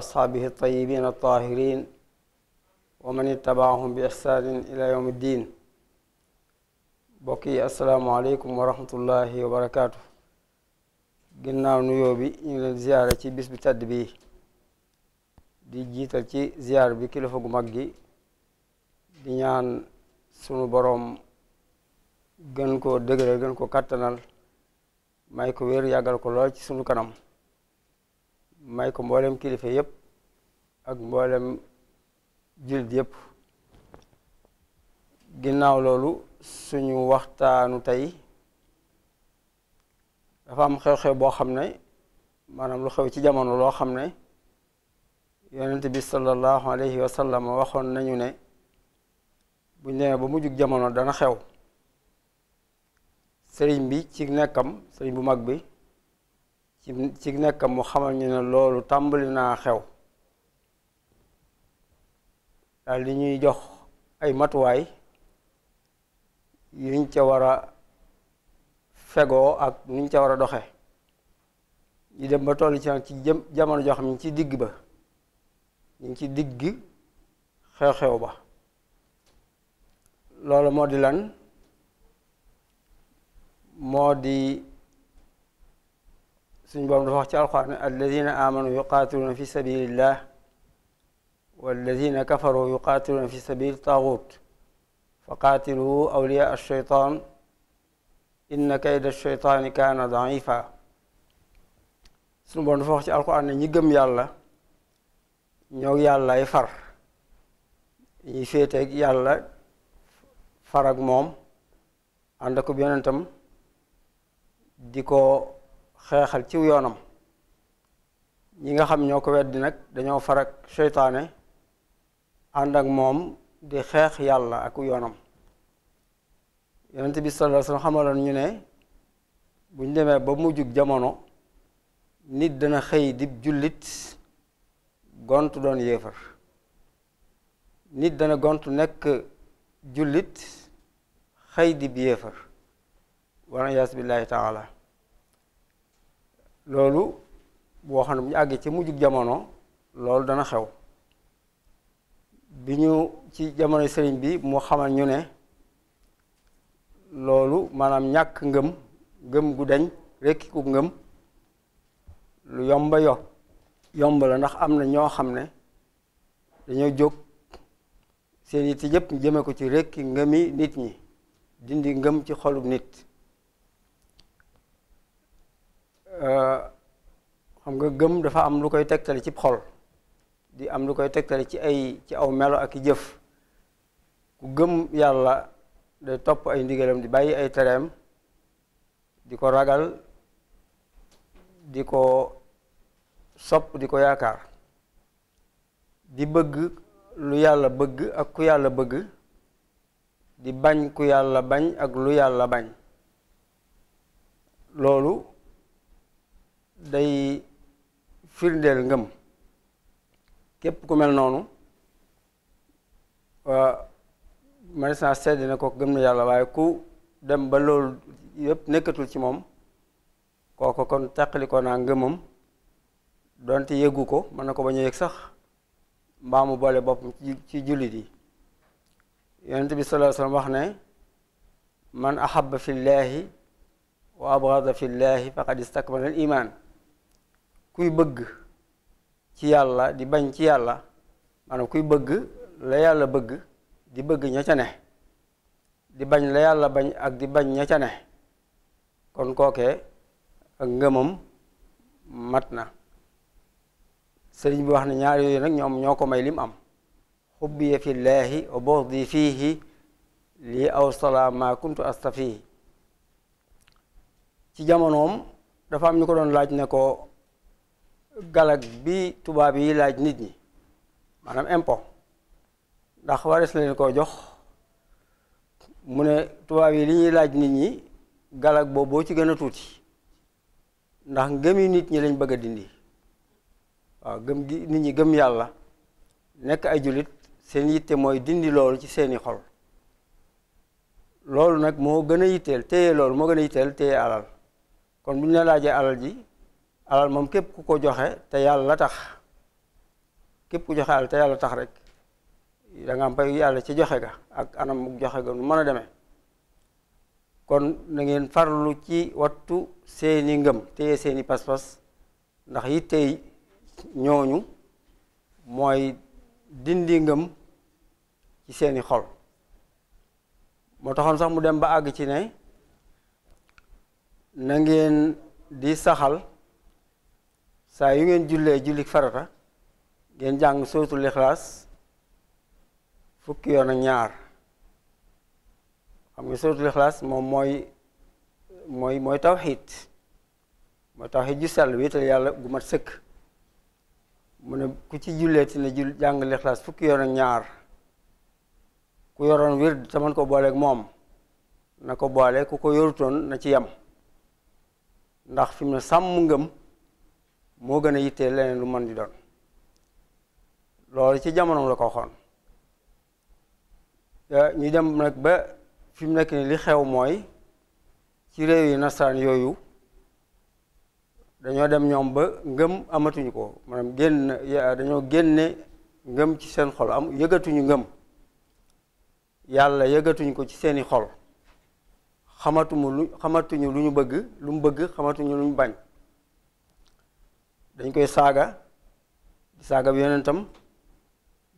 وأصحابه الطيبين الطاهرين ومن اتبعهم بإحسان إلى يوم الدين bokki asalaamaaleykum wa rahmatullahi wa barakaatu ginnaaw nuyoo bi ñu ngi leen ziyaara ci bis bi tàdd bi di jiital ci ziyaar bi kilifa gu mag gi di ñaan sunu boroom gën koo dëgëral gën ko kàttanal may ko wér yàggal ko lool ci sunu kanam may ko mboolem kilifa yëpp ak mboolem jullit yëpp ginnaaw loolu suñu waxtaanu tey dafa am xew-xew boo xam ne maanaam lu xew ci jamono loo xam ne yonent bi sallallahu alayhi wa sallam waxoon nañu ne buñ demee ba mu jug jamono dana xew sëriñ bi ci nekkam sëriñ bu mag bi ci ci nekkam mu xamal ñu ne loolu tàmbali naa xew daal li ñuy jox ay matuwaay yuñ ca war a fegoo ak nuñ ca war a doxe ñu dem ba toll ci nag ci jëm jamono joo xam ne ci digg ba ñu ci digg xew-xew ba loolu moo di lan moo di suñ boom dafa wax ci alxuraan ne alladina amanu yuqaatiluuna fi sabilillah walladina kafaru yuqaatiluuna fi sabili taaxut fa qaatilu awliya alcheytaan inna kayda alcheytaani kaana ci alxuraan ne ñi yàlla ñoo yàllaay far ñuy féeteeg yàlla far moom ànd ak yonentam di ko xeexal ciw yoonam ñi nga xam ñoo ko weddi nag dañoo farag sheytaane ànd ak moom di xeex yàlla ak yoonam yonent bi sallallahu alayhi wasallam xamaloon ñu ne bu ñu demee ba mujjug jamono nit dana xëy dib jullit gont doon yéefar nit dana gont nekk jullit xëy dib yéefar wala yaas billahi taala loolu boo xam bu ñu àggee ci mujjug jamono loolu dana xew bi ñu ci jamono sëriñ bi mu xamal ñu ne loolu maanaam ñàkk ngëm ngëm gu deñ rekki ku ngëm lu yomba yo yomb la ndax am na ñoo xam ne dañoo jóg seen yitte yépp jëme ko ci rekki ngëmi nit ñi dindi ngëm ci xolub nit Euh, xam nga gëm dafa am lu koy tegtale ci xol di am lu koy tegtale ci ay ci aw melo ak i jëf ku gëm yàlla da topp ay ndigalam di bàyyi ay tereem di ko ragal di ko sopp di ko yaakaar di bëgg lu yàlla bëgg ak ku yàlla bëgg di bañ ku yàlla bañ ak lu yàlla bañ loolu day firndeel ngëm képp ku mel noonu manaisan sedd na ko gëm na yàlla waaye ku dem ba loolu yëpp nekkatul ci moom kooko kon tàqalikoo naa ngëmam doonte yëgu ko mën na ko bañ a yëg sax mbaamu boole bopp ci jullit yi yonent bi sallallahu alayhi wax ne man ahabba fi llahi wa abghada fi llahi faqad istakmala al iman kuy bëgg ci yàlla di bañ ci yàlla maanaam kuy bëgg la yàlla bëgg di bëgg ña ca ne di bañ la yàlla bañ ak di bañ ña ca ne kon kookee ak ngëmam mat na sëriñ bi wax ne ñaar yooyu nag ñoom ñoo ko may lim am xubbiya fillaahi wa bughdi fiihi lii aw salaa ma kuntu astafihi ci jamonoom dafa am ñu ko doon laaj ne ko galag bi tubaab yi laaj nit ñi maanaam impôt ndax wares leen koo jox mu ne tubaab yi li ñuy laaj nit ñi galag boobu boo ci gën a tuuti ndax ngëmi nit ñi lañ bëgg a dindi waaw gëm gi nit ñi gëm yàlla nekk ay jullit seen yitte mooy dindi loolu ci seeni xol loolu nag moo gën a yitteel téye loolu moo gën a yitteel téye alal kon bu ñu la laajee alal ji alal moom képp ku ko joxe te yàlla tax képp ku joxe alal te yàlla tax rek danga nga am pay yàlla ci joxe ga ak anam mu joxe ga nu mën a deme kon na ngeen farlu ci wattu seeni ngëm téye seeni pas-pas ndax tey ñooñu mooy dindi ngëm ci seeni xol moo taxoon sax mu dem ba àgg ci ne na ngeen di saxal saa yu ngeen jullee jullik farata ngeen jàng sootul ixlaas fukki yoon ak ñaar xam nga sootul ixlaas moom mooy mooy mooy tawxiid mooy tawxiid ju sell wéetal yàlla gu mat sëkk mu ne ku ci julleeti ne jul jàng lixlaas fukki yoon ak ñaar ku yoroon wird te ko booleeg moom na ko boole ku ko yorutoon na ci yam ndax fi mu ne sàmm ngëm moo gën a yittee leneen lu mën di doon loolu ci jamonoom la ko waxoon ñu dem nag ba fi mu nekk ni li xew mooy ci réew yi nasaraan yooyu dañoo dem ñoom ba ngëm amatuñu ko maanaam génn dañoo génne ngëm ci seen xol am yëgatuñu ngëm yàlla yëgatuñu ko ci seeni xol xamatumu lu xamatuñu lu ñu bëgg lu mu bëgg xamatuñu lu ñu bañ dañ koy saaga di saaga bi yonentam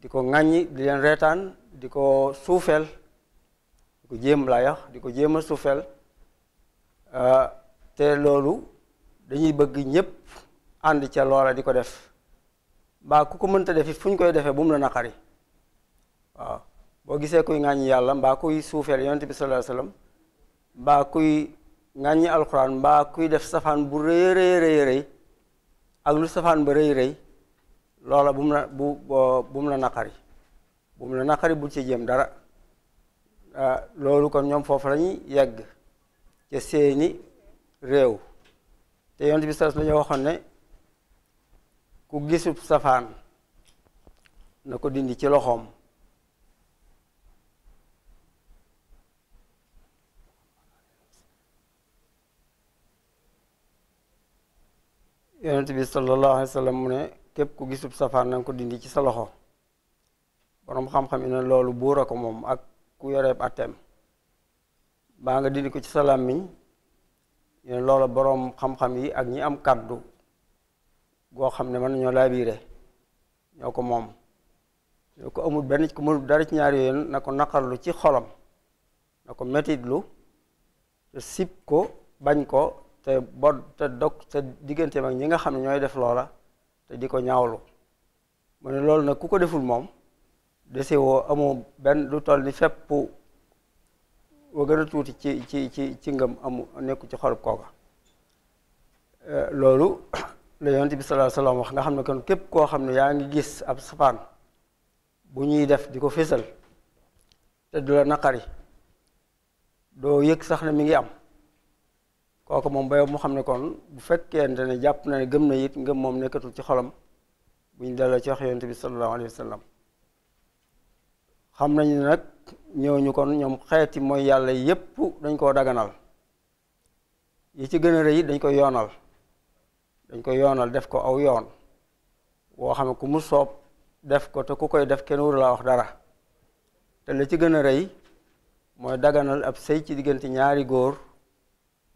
di ko ŋàññi di leen reetaan di ko suufeel di ko jéem laa di ko jéem a suufeel euh, te loolu dañuy bëgg ñépp ànd ca loola di ko def mbaa ku ko mënta def it fu ñu koy defee bu mu la naqari waaw boo gisee kuy ŋàññi yàlla mbaa kuy suufeel yonent bi sallallahu alayhi mbaa kuy ŋàññi alxuraan mbaa kuy def safaan bu rëy rëy rëy ak lu safaan ba rëy rëy loola bu la bu bu mu la naqari bu la naqari bu ci jëm dara ah, loolu kon ñoom foofu lañuy yegg ca seeni réew te yonent bi saas dañoo waxoon ne ku gisu safaan na ko dindi ci loxoom yonent bi sallallahu alayhi wa sallam mu ne képp ku gisub safaan na nga ko dindi ci sa loxo boroom xam-xam yi ne loolu buur a ko moom ak ku yoreeb atteem baa nga dindi ko ci sa làmmiñ ñu loolu boroom xam-xam yi ak ñi am kàddu goo xam ne mën nañoo laabiire ñoo ko moom ñoo ko amul benn ku mënul dara ci ñaari yoon na ko naqarlu ci xolam na ko metitlu te sib ko bañ ko te bod te dog te digganteem ak ñi nga xam ne ñooy def loola te di ko ñaawlu mu ne loolu nag ku ko deful moom dese woo amoo benn lu toll ni fépp wa gën a tuuti ci ci ci ci ngëm amu nekku ci xolub kooka euh, loolu la yonent bi sallallahu alayhi wasallam wax nga xam ne kon képp koo xam ne yaa ngi gis ab safaan bu ñuy def di ko fésal te du la naqari doo yëg sax ne mi ngi am kooku moom ba yow mu xam ne kon bu fekkente ne jàpp na ne gëm na it ngëm moom nekkatul ci xolam bu ñu delloo ci wax yonent bi sallallahu alayhi wa sallam xam nañu nag ñooñu kon ñoom xeeti mooy yàlla yépp dañ koo daganal yi ci gën a rëy dañ ko yoonal dañ ko yoonal def ko aw yoon woo xam ne ku mu soob def ko te ku koy def kenn waru laa wax dara te la ci gën a rëy mooy daganal ab sëy ci diggante ñaari góor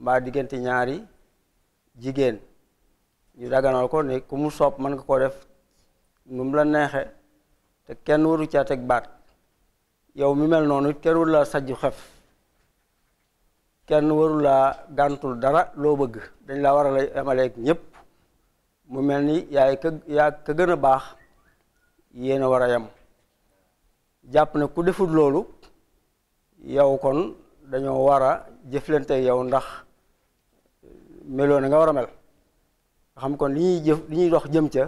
mbaa diggante ñaari jigéen ñu daganal ko ne ku mu soob mën nga koo def nu mu la neexe te kenn waru caa teg baat yow mi mel noonu kenn waru laa sajju xef kenn waru laa gàntul dara loo bëgg dañ laa war a yemaleeg ñépp mu mel ni yaay ka yaa ka gën a baax yéen a war a yem jàpp na ku defut loolu yow kon dañoo war a jëflante yow ndax meloo na nga war a mel nga xam kon li ñuy jëf li ñuy dox jëm ca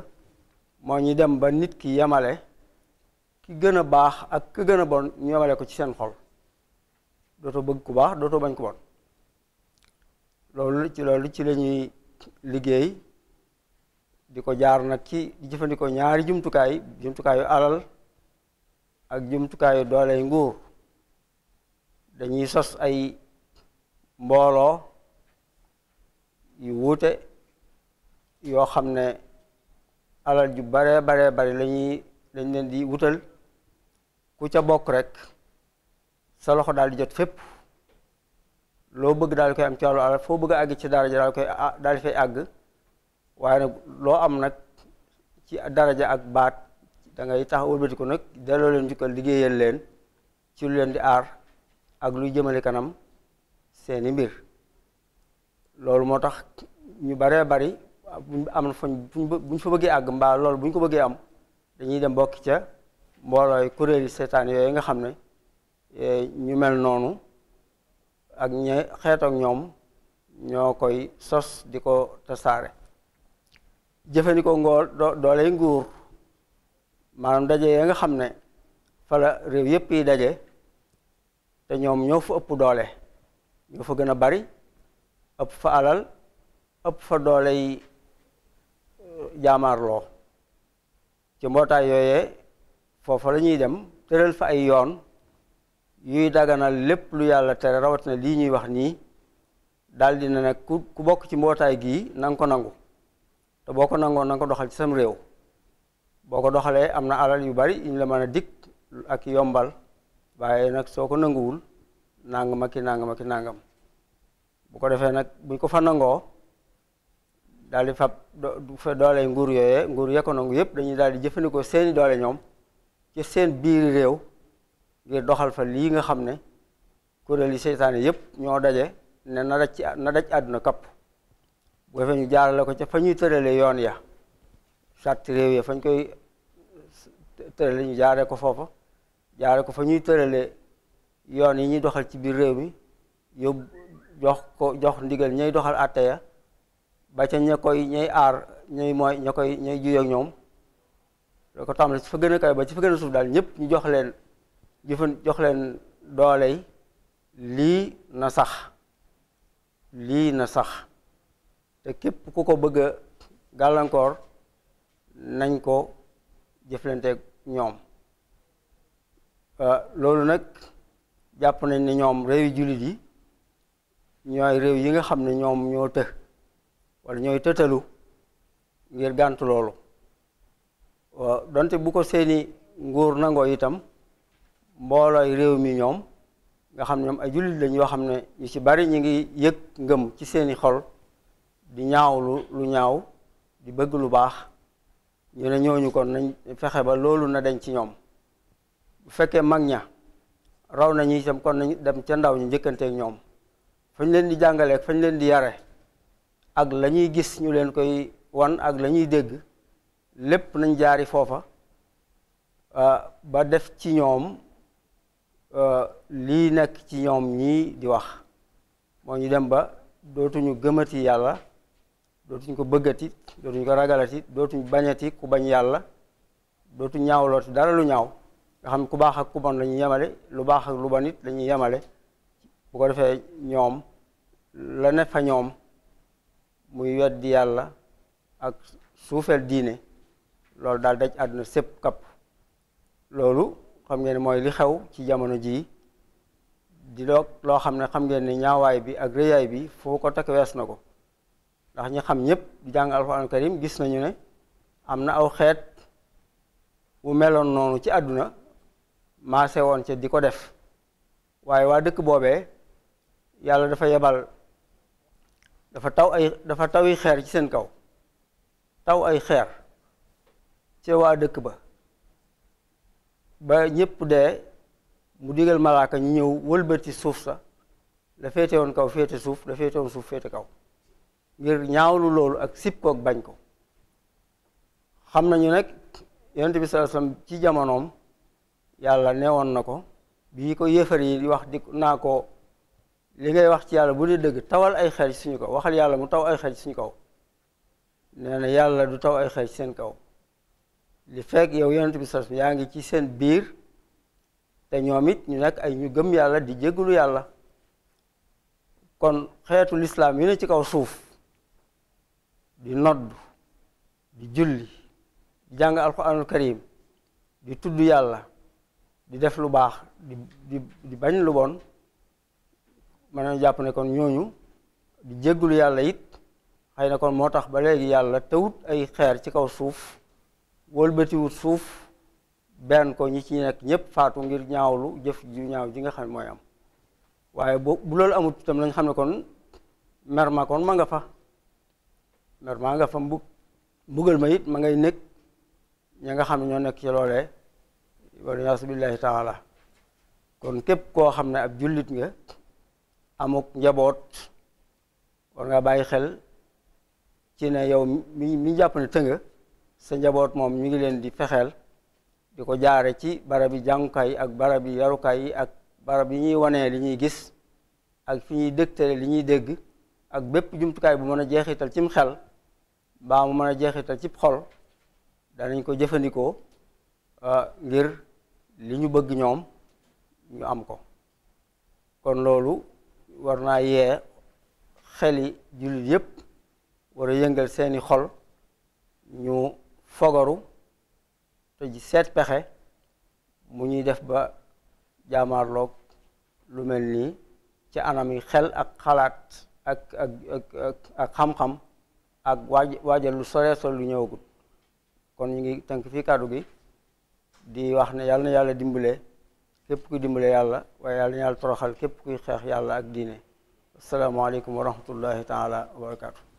moo ñu dem ba nit ki yemale ki gën a baax ak ki gën a bon ñu yemale ko ci seen xol dootoo bëgg ku baax dooto bañ ku bon loolu ci loolu ci lañuy liggéey di ko jaar nag ci di jëfandikoo ñaari jumtukaay jumtukaayu alal ak jumtukaayu dooley nguur dañuy sos ay mbooloo yu wuute yoo xam ne alal ju bare bare bare lañuy dañ leen di wutal ku ca bokk rek sa loxo daal di jot fépp loo bëgg daal koy am ci wàllu alal foo bëgg a àgg ci daraja daal koy ah, daal di fay àgg waaye nag loo am nag ci daraja ak baat dangay tax wëlbati nag delloo leen jukkal liggéeyal leen ci lu leen di aar ak luy jëmale kanam seeni mbir loolu moo tax ñu baree bari am na fañ buñ fa bëggee àgg mbaa loolu buñ ko bëggee am dañuy dem bokk ca mboolooy kuréeli seetaan yooyu nga xam ne e, ñu mel noonu ak ñe xeet ñoom ñoo koy sos di ko tasaare jëfandikoo ngool dooley nguur maanaam daje ya nga xam ne fala réew yépp yi daje te ñoom ñoo fa ëpp doole ñoo fa gën a bari ëpp fa alal ëpp fa dooley euh, jaamaarloo ci mbootaay yooyee foofa lañuy dem tëral fa ay yoon yuy daganal lépp lu yàlla tere rawatina lii ñuy wax nii daldi di na nag ku ku bokk ci mbootaay gii nang ko nangu te boo ko nangoo nang ko doxal ci sam réew boo ko doxalee am na alal yu bari yu ñu la mën a dikk ak yombal waaye nag soo ko nanguwul nangam ak ki nangam ak ki nangam bu ko defee nag buñ ko fa nangoo daal di fab fa doole nguur yooyee nguur yee ko nangu yëpp dañuy daal di jëfandikoo seeni doole ñoom ci seen biiri réew ngir doxal fa lii nga xam ne kuréel yi seytaane yëpp ñoo daje ne na daj ci na daj àdduna kapp bu defee ñu jaarale ko ca fa ñuy tëralee yoon ya sàtti réew ya fañ koy tërale ñu jaaree ko foofa jaaree ko fa ñuy tërale yoon yi ñuy doxal ci biir réew mi yóbbu jox ko jox ndigal ñay doxal àtte ya ba ca ña koy ñay aar ñay mooy ña koy ñay juyoo ak ñoom da ko tàmbali ci fa gën a kaw ba ci fa gën a suuf daal ñëpp ñu jox leen jëfan jox leen dooley lii na sax lii na sax te képp ku ko bëgg gàllankoor nañ ko jëflanteeg ñoom euh, loolu nag jàpp nañ ni ñoom réewi jullit yi ñooy réew yi nga xam ne ñoom ñoo të walla ñooy tëtalu ngir gàntu loolu waaw donte bu ko seeni nguur nangoo itam mboolooy réew mi ñoom nga xam ne ñoom ay jullit lañ yoo xam ne ñu ci bari ñu ngi yëg ngëm ci seeni xol di ñaawlu lu ñaaw di bëgg lu baax ñu ne ñooñu kon nañ fexe ba loolu na dañ ci ñoom bu fekkee mag ña raw nañu itam kon nañ dem ca ndaw ñu njëkkanteeg ñoom fañ leen di jàngale ak fañ leen di yare ak la ñuy gis ñu leen koy wan ak lañuy ñuy dégg lépp nañ jaari foofa euh, ba def ci ñoom euh, lii nekk ci ñoom ñii di wax moo ñu dem ba dootuñu gëmati yàlla dootuñ ko bëggati dootuñ ko ragalati dootuñ bañati ku bañ yàlla ñaaw ñaawlooti dara lu ñaaw nga xam ku baax ak ku bon la ñuy yemale lu baax ak lu bon lañuy la yemale bu ko defee ñoom la ne fa ñoom muy weddi yàlla ak suufeel diine loolu daal daj àdduna sépp kapp loolu xam ngeen mooy li xew ci jamono jii di loo loo xam ne xam ngeen ne ñaawaay bi ak rëyaay bi foo ko takk wees na ko ndax ñi xam ñëpp di jàng alxuraan karim gis nañu ne am na aw xeet wu meloon noonu ci àdduna maase woon ca di ko def waaye waa dëkk boobee yàlla dafa yebal dafa taw ay dafa tawi xeer ci seen kaw taw ay xeer ci waa dëkk ba ba ñépp dee mu digal malaaka ñu ñëw wëlbati suuf sa la féete woon kaw féete suuf dafay féete woon suuf féete kaw ngir ñaawlu loolu ak sib koog bañ ko xam nañu nag yonent bi sallallahu alayhi ci jamonoom yàlla neewoon na ko bii ko yéefar yi di wax di naa ko li ngay wax ci yàlla bu dee dëgg tawal ay xeer ci suñu kaw waxal yàlla mu taw ay xeer ci suñu kaw nee na yàlla du taw ay xeer ci seen kaw li fekk yow yonent bi sas yaa ngi ci seen biir te ñoom it ñu nekk ay ñu gëm yàlla di jégalu yàlla kon xeetu lislaam yi ne ci kaw suuf di nodd di julli di jàng alquranul karim di tudd yàlla di def lu baax di di di bañ lu bon mën nañu jàpp ne kon ñooñu di jéggulu yàlla yit xëy na kon moo tax ba léegi yàlla tawut ay xeer ci kaw suuf wëlbatiwut suuf benn ko ñi ci nekk ñëpp faatu ngir ñaawlu jëf ju ñaaw ji nga xam ne mooy am waaye bu bu loolu amut itam nañ xam ne kon mer kon ma nga fa mer maa nga fa mbug mbugal ma it ma ngay nekk ña nga xam ne ñoo nekk ci loolee wala yaasu billahi taala kon képp koo xam ne ab jullit nga amuk njaboot war nga bàyyi xel ci ne yow mi mi jàpp ne tënga sa njaboot moom ñu ngi leen di fexeel di ko jaare ci barab yi jàngukaay ak barab yarukaay yi ak barab yi ñuy wanee li ñuy gis ak fi ñuy dégtale li ñuy dégg ak bépp jumtukaay bu mën a jeexital cim xel baa mu mën a jeexital cib xol danañ ko jëfandikoo ah, ngir li ñu bëgg ñoom ñu am ko kon loolu war naa yee xeli jullit yépp war a yëngal seeni xol ñu fogaru te ji seet pexe mu ñuy def ba jaamaarloog lu mel nii ci anam yi xel ak xalaat ak ak ak ak xam-xam ak waaj waajal lu soree sore lu ñëwagul kon ñu ngi tënk fii kàddu gi di wax ne yàlla na yàlla dimbale képp kuy dimbale yàlla waaye yàlla na yàlla toroxal képp kuy xeex yàlla ak diine asalaamaaleykum wa rahmatullahi taala wa barakaatu